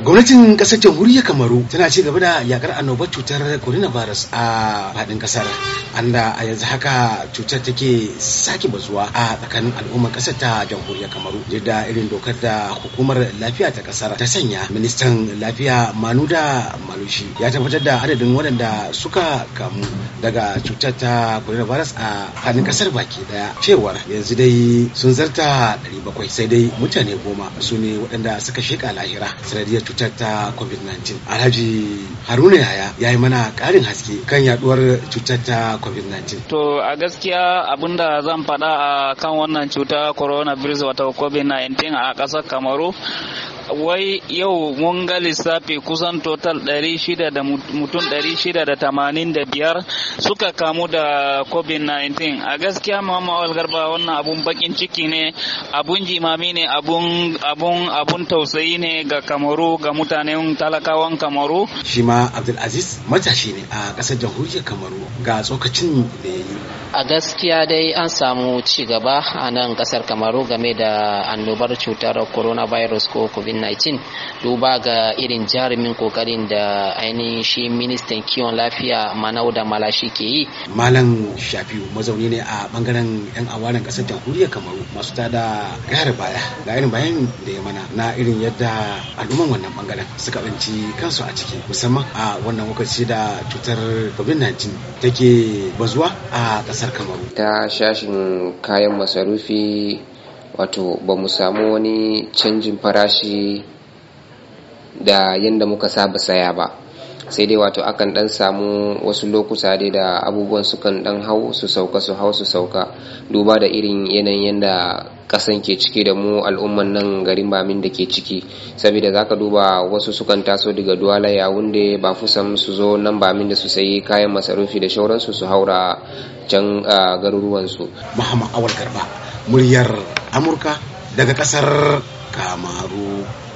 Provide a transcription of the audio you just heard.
gwamnatin kasar jamhuriyar kamaru tana ci gaba da yakar annobar cutar coronavirus a faɗin kasar anda a yanzu haka cutar take sake bazuwa a tsakanin al'ummar ƙasar ta jamhuriyar kamaru duk da irin dokar da hukumar lafiya ta ƙasar ta sanya ministan lafiya manuda same shi ya tabbatar da adadin waɗanda suka kamu daga cutar ta coronavirus a hannun ƙasar baki daya cewar yanzu dai sun zarta 700 sai dai mutane goma su ne waɗanda suka sheka lahira sanadiyar cutar ta covid-19 alhaji haruna yaya ya yi mana ƙarin haske kan yaduwar cutar ta covid-19 to a gaskiya abin da zan faɗa a kan wannan cuta coronavirus wata covid-19 a ƙasar kamaru wai yau mun ga lissafi kusan total 600 da mutum 685 suka kamu da covid-19 a gaskiya muhammad garba wannan abun bakin ciki ne abun jimami ne abun abun tausayi ne ga kamaru ga mutanen talakawan kamaru shi ma abdulaziz matashi ne a ƙasar jamhuriyar kamaru ga tsokacin da ya yi a gaskiya dai an samu ci gaba a nan kasar kamaru game da annobar cutar coronavirus ko covid-19 duba ga irin jarumin kokarin da ainihin shi ministan kiwon lafiya manau da malashi ke yi malam shafiu mazauni ne a bangaren yan awarin kasar jamhuriyar kamaru masu tada gayar baya ga irin bayan da ya mana na irin yadda al'umman wannan bangaren suka binci kansu a ciki musamman a wannan lokaci da cutar covid-19 take bazuwa a kasar kamaru ta shashin kayan masarufi wato ba mu samu wani canjin farashi da yadda muka saba saya ba sai dai wato akan dan samu wasu lokuta dai da abubuwan sukan dan hau su sauka su hau su sauka duba da irin yanayin da kasan ke ciki da mu al'umman nan garin bamin da ke ciki saboda zaka duba wasu sukan taso daga duwala ya wunde ba fusam su zo nan bamin da su sayi kayan masarufi da shauransu su haura can garuruwansu muhammad awal garba muryar amurka daga kasar kamaru